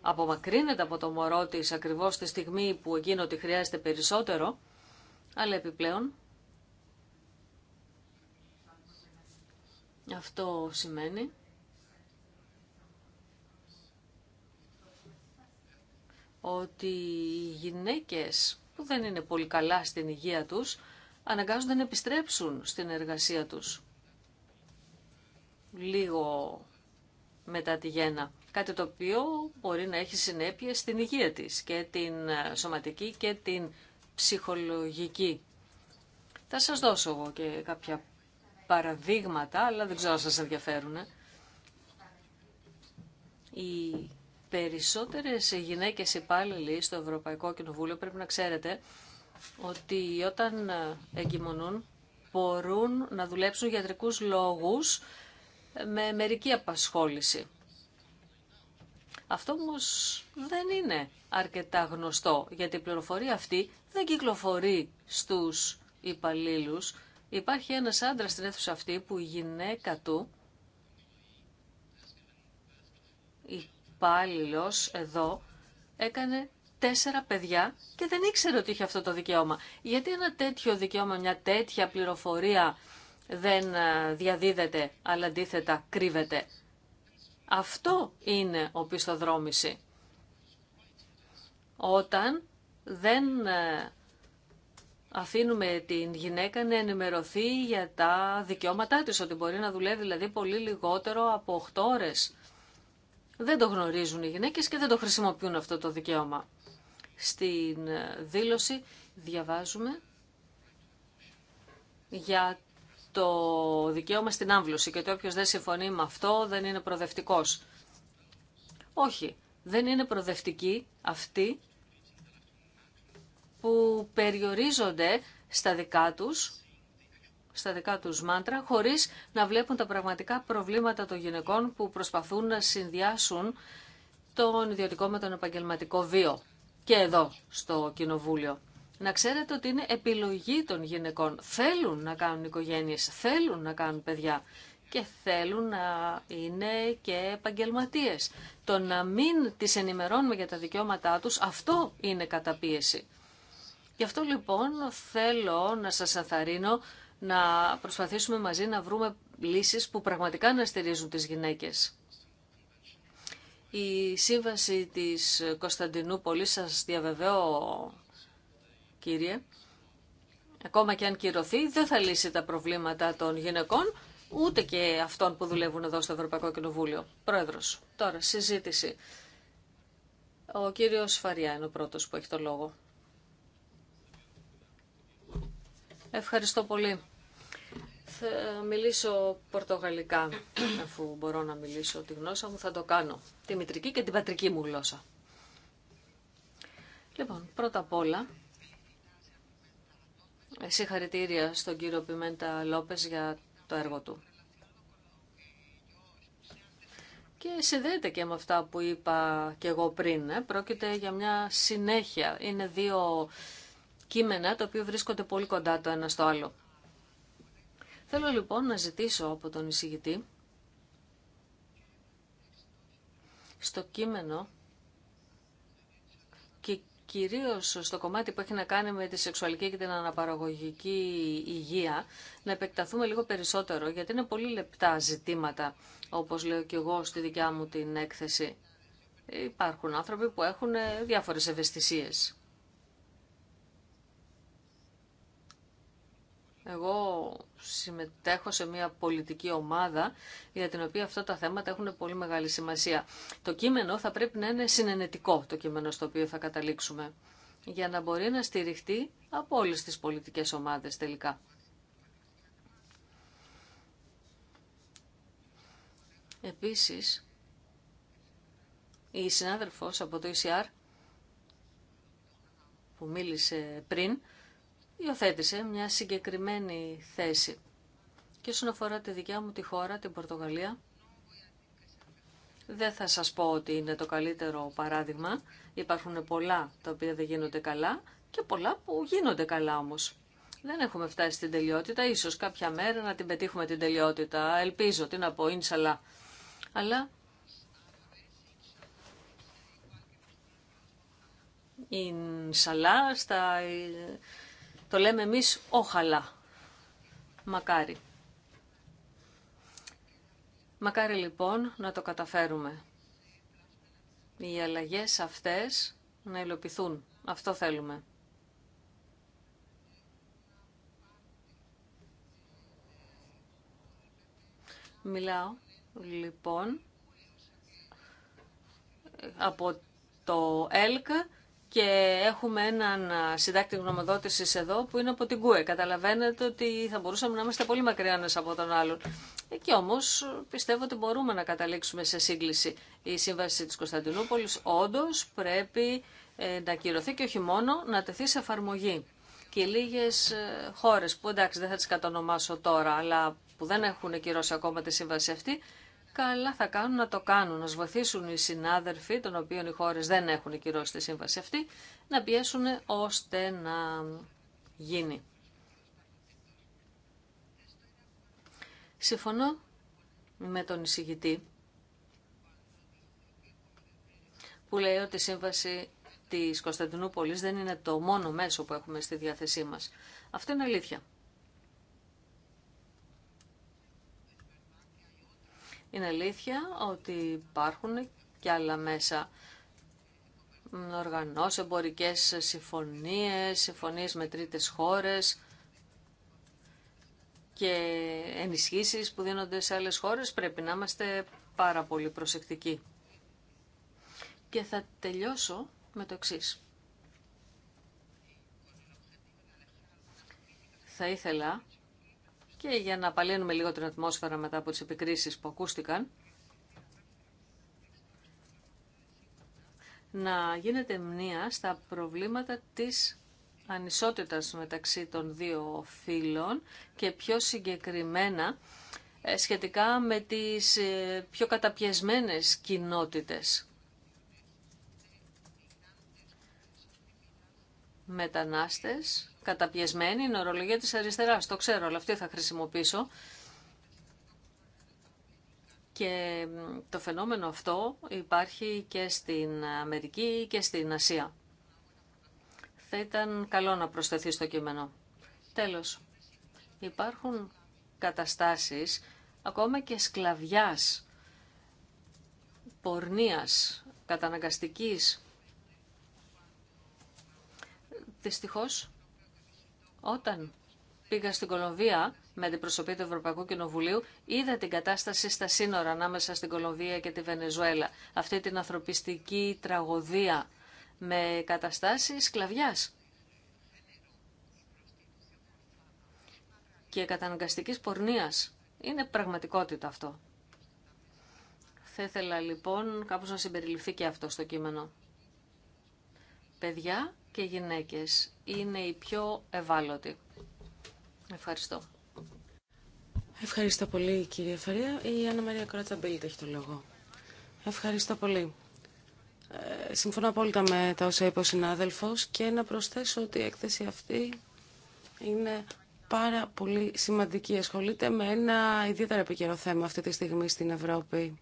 απομακρύνεται από το μωρό της ακριβώς τη στιγμή που εκείνο τη χρειάζεται περισσότερο, αλλά επιπλέον αυτό σημαίνει ότι οι γυναίκες που δεν είναι πολύ καλά στην υγεία τους αναγκάζονται να επιστρέψουν στην εργασία τους λίγο μετά τη γέννα. Κάτι το οποίο μπορεί να έχει συνέπειε στην υγεία της και την ε, σωματική και την ψυχολογική. Θα σας δώσω εγώ και κάποια παραδείγματα, αλλά δεν ξέρω αν σας ενδιαφέρουν. Η περισσότερες γυναίκες υπάλληλοι στο Ευρωπαϊκό Κοινοβούλιο πρέπει να ξέρετε ότι όταν ε, εγκυμονούν μπορούν να δουλέψουν γιατρικούς λόγους ε, με μερική απασχόληση. Αυτό όμω δεν είναι αρκετά γνωστό, γιατί η πληροφορία αυτή δεν κυκλοφορεί στους υπαλλήλου. Υπάρχει ένας άντρα στην αίθουσα αυτή που η γυναίκα του υπάλληλο εδώ έκανε τέσσερα παιδιά και δεν ήξερε ότι είχε αυτό το δικαίωμα. Γιατί ένα τέτοιο δικαίωμα, μια τέτοια πληροφορία δεν ε, διαδίδεται, αλλά αντίθετα κρύβεται. Αυτό είναι ο πιστοδρόμηση. Όταν δεν ε, αφήνουμε την γυναίκα να ενημερωθεί για τα δικαιώματά της, ότι μπορεί να δουλεύει δηλαδή πολύ λιγότερο από 8 ώρες δεν το γνωρίζουν οι γυναίκες και δεν το χρησιμοποιούν αυτό το δικαίωμα. Στην δήλωση διαβάζουμε για το δικαίωμα στην άμβλωση και ότι οποιο δεν συμφωνεί με αυτό δεν είναι προδευτικός. Όχι, δεν είναι προδευτική αυτή που περιορίζονται στα δικά τους στα δικά τους μάντρα, χωρίς να βλέπουν τα πραγματικά προβλήματα των γυναικών που προσπαθούν να συνδυάσουν τον ιδιωτικό με τον επαγγελματικό βίο. Και εδώ, στο Κοινοβούλιο. Να ξέρετε ότι είναι επιλογή των γυναικών. Θέλουν να κάνουν οικογένειες, θέλουν να κάνουν παιδιά και θέλουν να είναι και επαγγελματίε. Το να μην τις ενημερώνουμε για τα δικαιώματά τους, αυτό είναι καταπίεση. Γι' αυτό λοιπόν θέλω να σας αθαρρύνω να προσπαθήσουμε μαζί να βρούμε λύσεις που πραγματικά να στηρίζουν τις γυναίκες. Η σύμβαση της Κωνσταντινούπολης, σας διαβεβαιώ κύριε, ακόμα και αν κυρωθεί, δεν θα λύσει τα προβλήματα των γυναικών, ούτε και αυτών που δουλεύουν εδώ στο Ευρωπαϊκό Κοινοβούλιο. Πρόεδρος, τώρα συζήτηση. Ο κύριος Φαριά είναι ο πρώτος που έχει το λόγο. Ευχαριστώ πολύ. Θα μιλήσω πορτογαλικά, αφού μπορώ να μιλήσω τη γνώσα μου, θα το κάνω. Τη μητρική και την πατρική μου γλώσσα. Λοιπόν, πρώτα απ' όλα, συγχαρητήρια στον κύριο Πιμέντα Λόπες για το έργο του. Και συνδέεται και με αυτά που είπα και εγώ πριν. Ε. Πρόκειται για μια συνέχεια. Είναι δύο κείμενα τα οποία βρίσκονται πολύ κοντά το ένα στο άλλο. Θέλω λοιπόν να ζητήσω από τον εισηγητή στο κείμενο και κυρίως στο κομμάτι που έχει να κάνει με τη σεξουαλική και την αναπαραγωγική υγεία, να επεκταθούμε λίγο περισσότερο, γιατί είναι πολύ λεπτά ζητήματα, όπως λέω και εγώ στη δικιά μου την έκθεση. Υπάρχουν άνθρωποι που έχουν ε, διάφορες ευαισθησίες. Εγώ συμμετέχω σε μια πολιτική ομάδα για την οποία αυτά τα θέματα έχουν πολύ μεγάλη σημασία. Το κείμενο θα πρέπει να είναι συνενετικό, το κείμενο στο οποίο θα καταλήξουμε, για να μπορεί να στηριχτεί από όλες τις πολιτικές ομάδες τελικά. Επίσης, η συνάδελφος από το ECR που μίλησε πριν, υιοθέτησε μια συγκεκριμένη θέση. Και όσον αφορά τη δικιά μου τη χώρα, την Πορτογαλία, δεν θα σας πω ότι είναι το καλύτερο παράδειγμα. Υπάρχουν πολλά τα οποία δεν γίνονται καλά και πολλά που γίνονται καλά όμως. Δεν έχουμε φτάσει στην τελειότητα, ίσως κάποια μέρα να την πετύχουμε την τελειότητα. Ελπίζω, τι να πω, ίνσαλα. Αλλά ίνσαλα στα το λέμε εμείς όχαλα. Μακάρι. Μακάρι λοιπόν να το καταφέρουμε. Οι αλλαγές αυτές να υλοποιηθούν. Αυτό θέλουμε. Μιλάω λοιπόν από το ΕΛΚ και έχουμε έναν συντάκτη γνωμοδότηση εδώ που είναι από την ΚΟΕ. Καταλαβαίνετε ότι θα μπορούσαμε να είμαστε πολύ μακριά από τον άλλον. Εκεί όμως πιστεύω ότι μπορούμε να καταλήξουμε σε σύγκληση. Η Σύμβαση της Κωνσταντινούπολης όντως πρέπει ε, να κυρωθεί και όχι μόνο να τεθεί σε εφαρμογή. Και λίγες ε, χώρε που εντάξει δεν θα τι κατονομάσω τώρα αλλά που δεν έχουν κυρώσει ακόμα τη σύμβαση αυτή καλά θα κάνουν να το κάνουν, να βοηθήσουν οι συνάδελφοι, των οποίων οι χώρες δεν έχουν κυρώσει τη σύμβαση αυτή, να πιέσουν ώστε να γίνει. Συμφωνώ με τον εισηγητή που λέει ότι η σύμβαση της Κωνσταντινούπολης δεν είναι το μόνο μέσο που έχουμε στη διάθεσή μας. Αυτό είναι αλήθεια. Είναι αλήθεια ότι υπάρχουν και άλλα μέσα οργανώσει, εμπορικές συμφωνίες, συμφωνίες με τρίτες χώρες και ενισχύσεις που δίνονται σε άλλες χώρες πρέπει να είμαστε πάρα πολύ προσεκτικοί. Και θα τελειώσω με το εξής. Θα ήθελα και για να παλαιώνουμε λίγο την ατμόσφαιρα μετά από τις επικρίσεις που ακούστηκαν, να γίνεται μνήα στα προβλήματα της ανισότητας μεταξύ των δύο φύλων και πιο συγκεκριμένα ε, σχετικά με τις ε, πιο καταπιεσμένες κοινότητες. Μετανάστες, καταπιεσμένη η ορολογία της αριστεράς. Το ξέρω, αλλά αυτή θα χρησιμοποιήσω. Και το φαινόμενο αυτό υπάρχει και στην Αμερική και στην Ασία. Θα ήταν καλό να προσθεθεί στο κείμενο. Τέλος, υπάρχουν καταστάσεις ακόμα και σκλαβιάς, πορνείας, καταναγκαστικής. Δυστυχώς όταν πήγα στην Κολομβία με την προσωπή του Ευρωπαϊκού Κοινοβουλίου, είδα την κατάσταση στα σύνορα ανάμεσα στην Κολομβία και τη Βενεζουέλα. Αυτή την ανθρωπιστική τραγωδία με καταστάσεις σκλαβιάς. και καταναγκαστικής πορνείας. Είναι πραγματικότητα αυτό. Θα ήθελα λοιπόν κάπως να συμπεριληφθεί και αυτό στο κείμενο. Παιδιά και γυναίκες είναι οι πιο ευάλωτοι. Ευχαριστώ. Ευχαριστώ πολύ κύριε Φαρία. Η Άννα Μαρία Κορατσαμπίλτ έχει το λόγο. Ευχαριστώ πολύ. Ε, συμφωνώ απόλυτα με τα όσα είπε ο συνάδελφος και να προσθέσω ότι η έκθεση αυτή είναι πάρα πολύ σημαντική. Ασχολείται με ένα ιδιαίτερα επικαιρό θέμα αυτή τη στιγμή στην Ευρώπη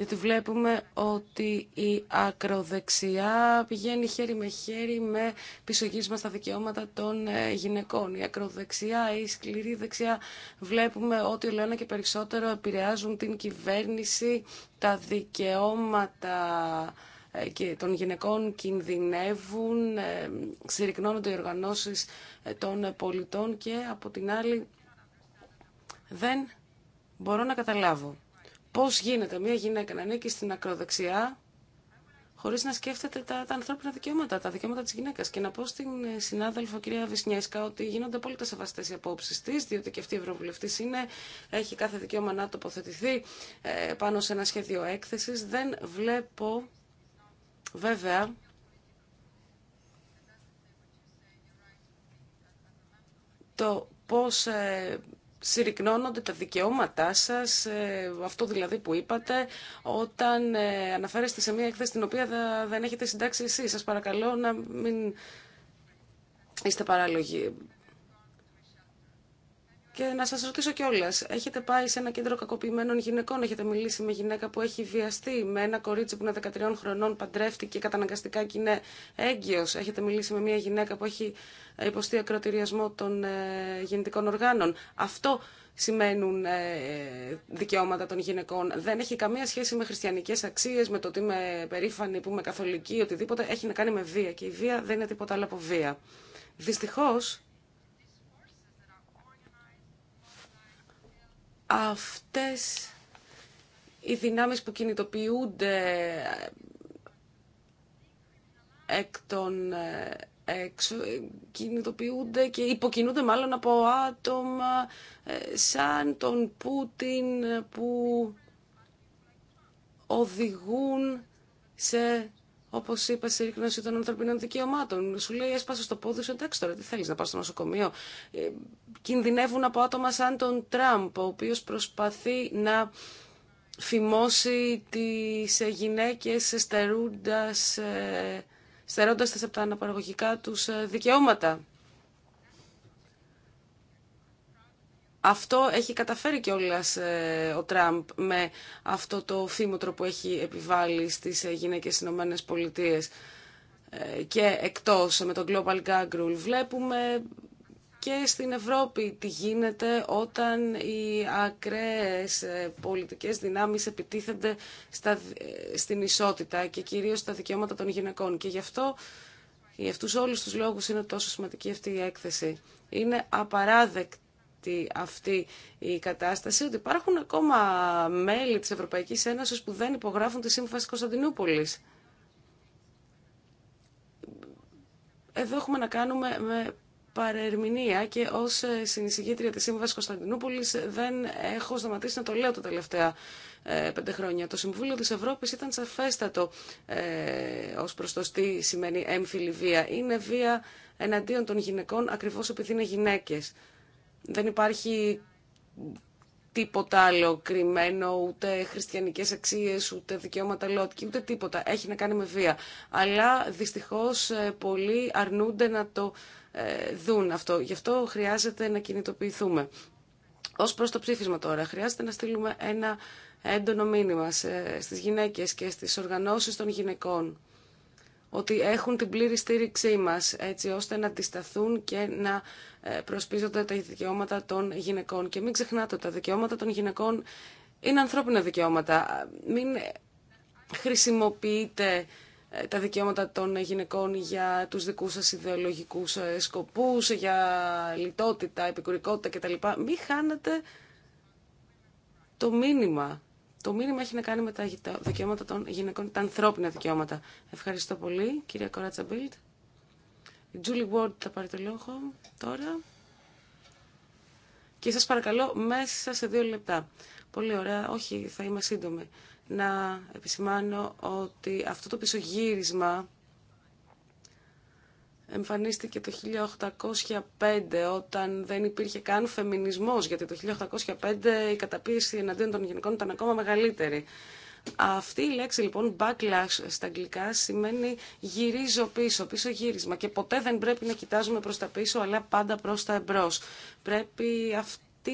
διότι βλέπουμε ότι η ακροδεξιά πηγαίνει χέρι με χέρι με πισωγύρισμα στα δικαιώματα των ε, γυναικών. Η ακροδεξιά, η σκληρή δεξιά βλέπουμε ότι όλο και περισσότερο επηρεάζουν την κυβέρνηση, τα δικαιώματα ε, και των γυναικών κινδυνεύουν, ε, συρρυκνώνονται οι οργανώσεις των πολιτών και από την άλλη δεν μπορώ να καταλάβω. Πώς γίνεται μια γυναίκα να ανήκει στην ακροδεξιά χωρίς να σκέφτεται τα, τα ανθρώπινα δικαιώματα, τα δικαιώματα της γυναίκας. Και να πω στην ε, συνάδελφο κυρία Βυσνιέσκα ότι γίνονται τα σεβαστές οι απόψεις της, διότι και αυτή η Ευρωβουλευτής είναι, έχει κάθε δικαίωμα να τοποθετηθεί ε, πάνω σε ένα σχέδιο έκθεσης. Δεν βλέπω βέβαια το πώς ε, συρρυκνώνονται τα δικαιώματά σας, ε, αυτό δηλαδή που είπατε, όταν ε, αναφέρεστε σε μια εκθέση την οποία δεν έχετε συντάξει εσείς. Σας παρακαλώ να μην είστε παράλογοι. Και να σας ρωτήσω κιόλα, έχετε πάει σε ένα κέντρο κακοποιημένων γυναικών, έχετε μιλήσει με γυναίκα που έχει βιαστεί, με ένα κορίτσι που είναι 13 χρονών, παντρεύτηκε καταναγκαστικά και είναι έγκυος, έχετε μιλήσει με μια γυναίκα που έχει ε, υποστεί ακροτηριασμό των ε, γεννητικών οργάνων. Αυτό σημαίνουν ε, δικαιώματα των γυναικών. Δεν έχει καμία σχέση με χριστιανικές αξίες, με το ότι είμαι περήφανη, που είμαι καθολική, οτιδήποτε. Έχει να κάνει με βία και η βία δεν είναι τίποτα άλλο από βία. Δυστυχώ, αυτές οι δυνάμεις που κινητοποιούνται ε, εκ των ε, έξω, ε, κινητοποιούνται και υποκινούνται μάλλον από άτομα σαν τον Πούτιν που οδηγούν σε Όπω είπα, συρρήκνωση των ανθρωπίνων δικαιωμάτων. Σου λέει, έσπασε στο πόδι σου, εντάξει τώρα, τι θέλει να πα στο νοσοκομείο. Ε, κινδυνεύουν από άτομα σαν τον Τραμπ, ο οποίο προσπαθεί να φημώσει τις ε, γυναίκες ε, στερούντας, ε, στερώντας τα αναπαραγωγικά τους δικαιώματα. Αυτό έχει καταφέρει κιόλα ε, ο Τραμπ με αυτό το φήμοτρο που έχει επιβάλει στις ε, γυναίκες στις Ηνωμένες Πολιτείες ε, και εκτός με τον Global Gag Rule. Βλέπουμε και στην Ευρώπη τι γίνεται όταν οι ακραίες πολιτικές δυνάμεις επιτίθενται στα, στην ισότητα και κυρίως στα δικαιώματα των γυναικών. Και γι' αυτό, για αυτούς όλους τους λόγους είναι τόσο σημαντική αυτή η έκθεση. Είναι απαράδεκτη αυτή η κατάσταση, ότι υπάρχουν ακόμα μέλη της Ευρωπαϊκής Ένωσης που δεν υπογράφουν τη Σύμφαση Κωνσταντινούπολης. Εδώ έχουμε να κάνουμε με παρερμηνία και ως συνεισηγήτρια της Σύμβασης Κωνσταντινούπολης δεν έχω σταματήσει να το λέω τα τελευταία ε, πέντε χρόνια. Το Συμβούλιο της Ευρώπης ήταν σαφέστατο ε, ως προς το τι σημαίνει έμφυλη βία. Είναι βία εναντίον των γυναικών ακριβώς επειδή είναι γυναίκες. Δεν υπάρχει τίποτα άλλο κρυμμένο, ούτε χριστιανικές αξίε ούτε δικαιώματα λότκι, ούτε τίποτα. Έχει να κάνει με βία. Αλλά δυστυχώς ε, πολλοί αρνούνται να το ε, δουν αυτό. Γι' αυτό χρειάζεται να κινητοποιηθούμε. Ω προ το ψήφισμα τώρα, χρειάζεται να στείλουμε ένα έντονο μήνυμα στις γυναίκες και στις οργανώσεις των γυναικών ότι έχουν την πλήρη στήριξή μας, έτσι ώστε να αντισταθούν και να ε, προσπίζονται τα δικαιώματα των γυναικών. Και μην ξεχνάτε ότι τα δικαιώματα των γυναικών είναι ανθρώπινα δικαιώματα. Μην χρησιμοποιείτε ε, τα δικαιώματα των γυναικών για τους δικούς σας ιδεολογικούς ε, σκοπούς, για λιτότητα, επικουρικότητα κτλ. Μην χάνετε το μήνυμα το μήνυμα έχει να κάνει με τα δικαιώματα των γυναικών, τα ανθρώπινα δικαιώματα. Ευχαριστώ πολύ, κυρία Κοράτσα Μπίλτ. Η Τζούλι Ward θα πάρει το λόγο τώρα. Και σας παρακαλώ μέσα σε δύο λεπτά. Πολύ ωραία, όχι, θα είμαι σύντομη. Να επισημάνω ότι αυτό το πισωγύρισμα εμφανίστηκε το 1805 όταν δεν υπήρχε καν φεμινισμός γιατί το 1805 η καταπίεση εναντίον των γυναικών ήταν ακόμα μεγαλύτερη. Αυτή η λέξη λοιπόν backlash στα αγγλικά σημαίνει γυρίζω πίσω, πίσω γύρισμα και ποτέ δεν πρέπει να κοιτάζουμε προς τα πίσω αλλά πάντα προς τα εμπρός. Πρέπει αυτή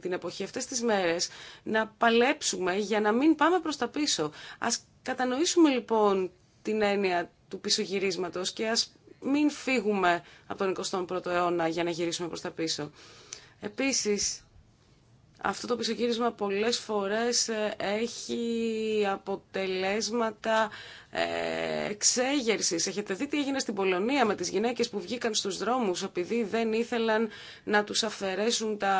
την εποχή, αυτές τις μέρες, να παλέψουμε για να μην πάμε προς τα πίσω. Ας κατανοήσουμε λοιπόν την έννοια του πίσω γυρίσματος και ας μην φύγουμε από τον 21ο αιώνα για να γυρίσουμε προς τα πίσω. Επίσης, αυτό το πισωγύρισμα πολλές φορές ε, έχει αποτελέσματα ε, εξέγερσης. Έχετε δει τι έγινε στην Πολωνία με τις γυναίκες που βγήκαν στους δρόμους επειδή δεν ήθελαν να τους αφαιρέσουν τα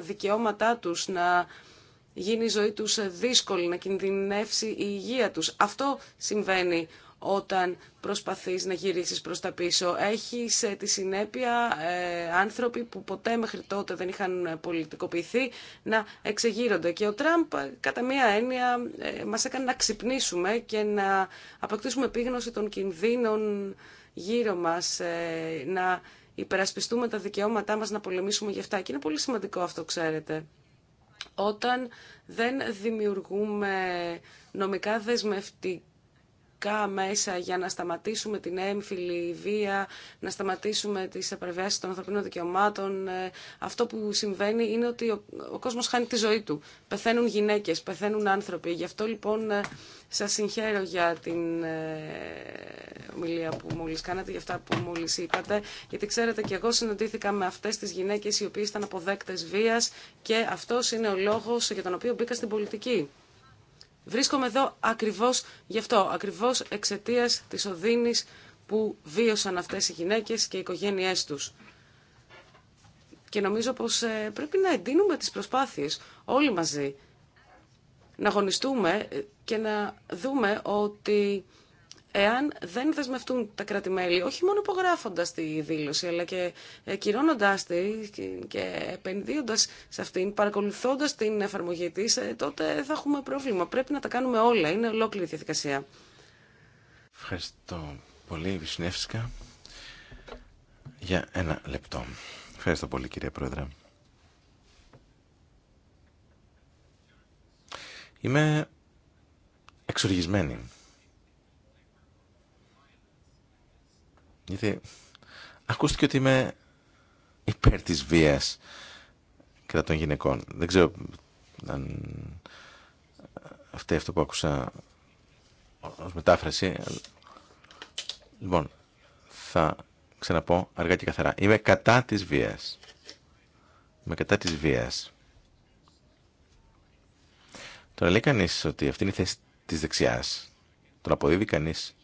δικαιώματά τους, να γίνει η ζωή τους δύσκολη, να κινδυνεύσει η υγεία τους. Αυτό συμβαίνει όταν προσπαθείς να γυρίσεις προς τα πίσω. Έχεις ε, τη συνέπεια ε, άνθρωποι που ποτέ μέχρι τότε δεν είχαν ε, πολιτικοποιηθεί να εξεγείρονται. Και ο Τραμπ κατά μία έννοια μας έκανε να ξυπνήσουμε και να αποκτήσουμε επίγνωση των κινδύνων γύρω μας, να υπερασπιστούμε τα δικαιώματά μας, να πολεμήσουμε γι' αυτά. Και είναι πολύ σημαντικό αυτό, ξέρετε. Όταν δεν δημιουργούμε νομικά δεσμευτικά μέσα για να σταματήσουμε την έμφυλη βία, να σταματήσουμε τις απερβιάσει των ανθρωπίνων δικαιωμάτων. Ε, αυτό που συμβαίνει είναι ότι ο, ο κόσμος χάνει τη ζωή του. Πεθαίνουν γυναίκες, πεθαίνουν άνθρωποι. Γι' αυτό λοιπόν ε, σας συγχαίρω για την ε, ομιλία που μόλις κάνατε, για αυτά που μόλις είπατε, γιατί ξέρετε και εγώ συναντήθηκα με αυτές τις γυναίκες οι οποίες ήταν αποδέκτες βίας και αυτός είναι ο λόγος για τον οποίο μπήκα στην πολιτική. Βρίσκομαι εδώ ακριβώς γι' αυτό, ακριβώς εξαιτίας της οδύνης που βίωσαν αυτές οι γυναίκες και οι οικογένειές τους. Και νομίζω πως ε, πρέπει να εντείνουμε τις προσπάθειες όλοι μαζί, να αγωνιστούμε ε, και να δούμε ότι εάν δεν δεσμευτούν τα κράτη-μέλη, όχι μόνο υπογράφοντα τη δήλωση, αλλά και ε, κυρώνοντά τη και επενδύοντα σε αυτήν, παρακολουθώντα την εφαρμογή τη, ε, τότε θα έχουμε πρόβλημα. Πρέπει να τα κάνουμε όλα. Είναι ολόκληρη η διαδικασία. Ευχαριστώ πολύ, Βυσνεύσκα. Για ένα λεπτό. Ευχαριστώ πολύ, κυρία Πρόεδρε. Είμαι εξοργισμένη Γιατί ακούστηκε ότι είμαι υπέρ της βίας κατά των γυναικών. Δεν ξέρω αν αυτή αυτό που άκουσα ως μετάφραση. Λοιπόν, θα ξαναπώ αργά και καθαρά. Είμαι κατά της βίας. Είμαι κατά της βίας. Τώρα λέει κανείς ότι αυτή είναι η θέση της δεξιάς. Τον αποδίδει κανείς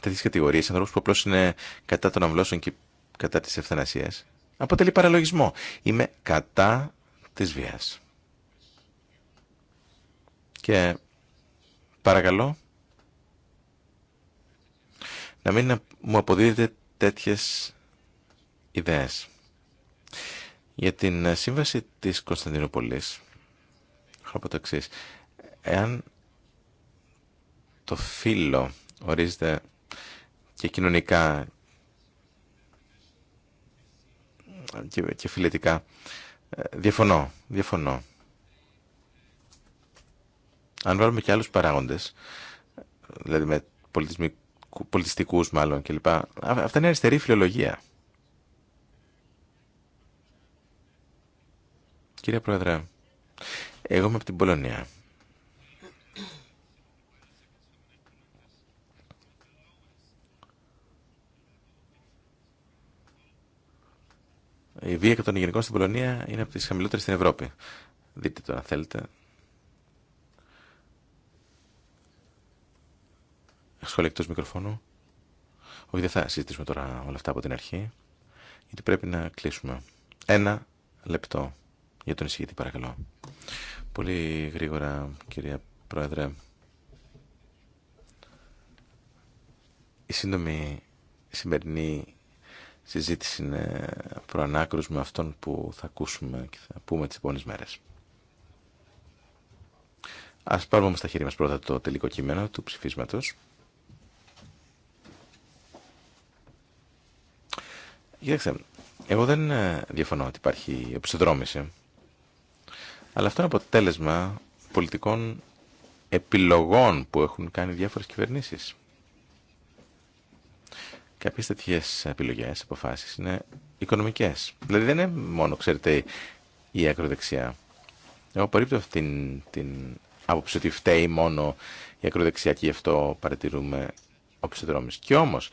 τέτοιε κατηγορίες, ανθρώπους που απλώ είναι κατά των αμβλώσεων και κατά τη ευθανασία, αποτελεί παραλογισμό. Είμαι κατά της βίας. Και παρακαλώ να μην μου αποδίδετε τέτοιες ιδέες. Για την σύμβαση της Κωνσταντινούπολης, έχω από το εξής. Εάν το φύλλο ορίζεται και κοινωνικά και, φιλετικά. Ε, διαφωνώ, διαφωνώ. Αν βάλουμε και άλλους παράγοντες, δηλαδή με πολιτιστικούς μάλλον κλπ. Αυτά είναι αριστερή φιλολογία. Κύριε Πρόεδρε, εγώ είμαι από την Πολωνία. Η βία κατά των γυναικών στην Πολωνία είναι από τις χαμηλότερε στην Ευρώπη. Δείτε το αν θέλετε. Σχόλια εκτός μικροφώνου. Όχι, δεν θα συζητήσουμε τώρα όλα αυτά από την αρχή, γιατί πρέπει να κλείσουμε. Ένα λεπτό για τον εισηγητή, παρακαλώ. Πολύ γρήγορα, κυρία Πρόεδρε. Η σύντομη σημερινή συζήτηση είναι προανάκρους με αυτόν που θα ακούσουμε και θα πούμε τις επόμενες μέρες. Ας πάρουμε στα χέρια μας πρώτα το τελικό κείμενο του ψηφίσματος. Κοιτάξτε, εγώ δεν ε, διαφωνώ ότι υπάρχει επιστοδρόμηση, αλλά αυτό είναι αποτέλεσμα πολιτικών επιλογών που έχουν κάνει διάφορες κυβερνήσεις. Κάποιες τέτοιε επιλογές, αποφάσεις είναι οικονομικές. Δηλαδή δεν είναι μόνο, ξέρετε, η ακροδεξιά. Εγώ απορρίπτω αυτή την άποψη ότι φταίει μόνο η ακροδεξιά και γι' αυτό παρατηρούμε οπισθοδρόμεις. Και όμως,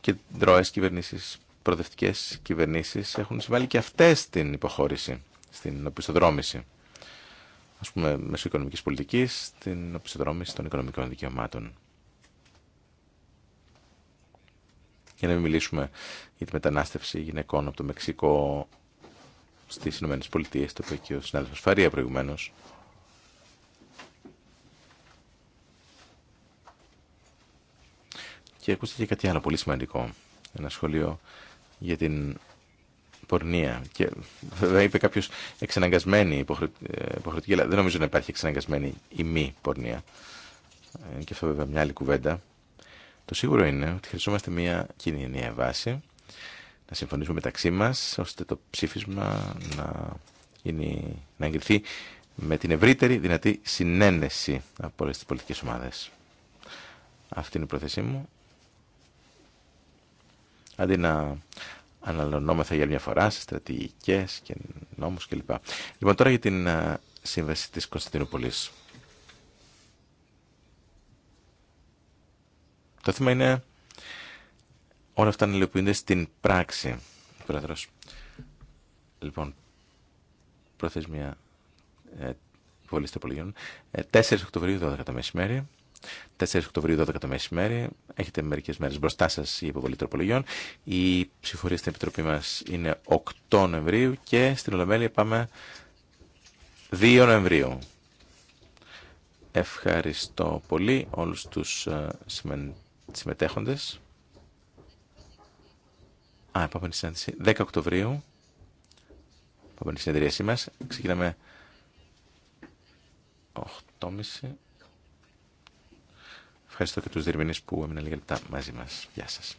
κεντρώες κυβερνήσεις, προοδευτικές κυβερνήσεις έχουν συμβάλει και αυτές στην υποχώρηση, στην οπισθοδρόμηση. Ας πούμε, μέσω οικονομικής πολιτικής, στην οπισθοδρόμηση των οικονομικών δικαιωμάτων. Για να μην μιλήσουμε για τη μετανάστευση γυναικών από το Μεξικό στις Ηνωμένες Πολιτείες, το οποίο και ο συνάδελφος Φαρία προηγουμένως. Και ακούστε και κάτι άλλο πολύ σημαντικό. Ένα σχολείο για την πορνεία. Και βέβαια είπε κάποιο εξαναγκασμένη ε, υποχρεωτική, αλλά δεν νομίζω να υπάρχει εξαναγκασμένη ή μη πορνεία. Ε, και αυτό βέβαια μια άλλη κουβέντα. Το σίγουρο είναι ότι χρειαζόμαστε μια κοινή βάση, να συμφωνήσουμε μεταξύ μας, ώστε το ψήφισμα να, γίνει, να εγκριθεί με την ευρύτερη δυνατή συνένεση από όλες τις πολιτικές ομάδες. Αυτή είναι η πρόθεσή μου. Αντί να αναλωνόμεθα για μια φορά σε στρατηγικές και νόμους κλπ. Λοιπόν, τώρα για την ε, σύμβαση της Κωνσταντινούπολης. Το θέμα είναι όλα αυτά να υλοποιούνται στην πράξη. Πρόεδρος. Λοιπόν, προθεσμία ε, τροπολογιών. 4 ε, Οκτωβρίου 12 το μεσημέρι. 4 Οκτωβρίου 12 το μεσημέρι. Έχετε μερικέ μέρε μπροστά σα η υποβολή τροπολογιών. Η ψηφορία στην Επιτροπή μα είναι 8 Νοεμβρίου και στην Ολομέλεια πάμε 2 Νοεμβρίου. Ευχαριστώ πολύ όλου του ε, σημαντικούς συμμετέχοντες. Α, επόμενη συνάντηση. 10 Οκτωβρίου. Επόμενη συνεδρίασή μας. Ξεκινάμε 8.30. Ευχαριστώ και τους διερμηνείς που έμειναν λίγα λεπτά μαζί μας. Γεια σας.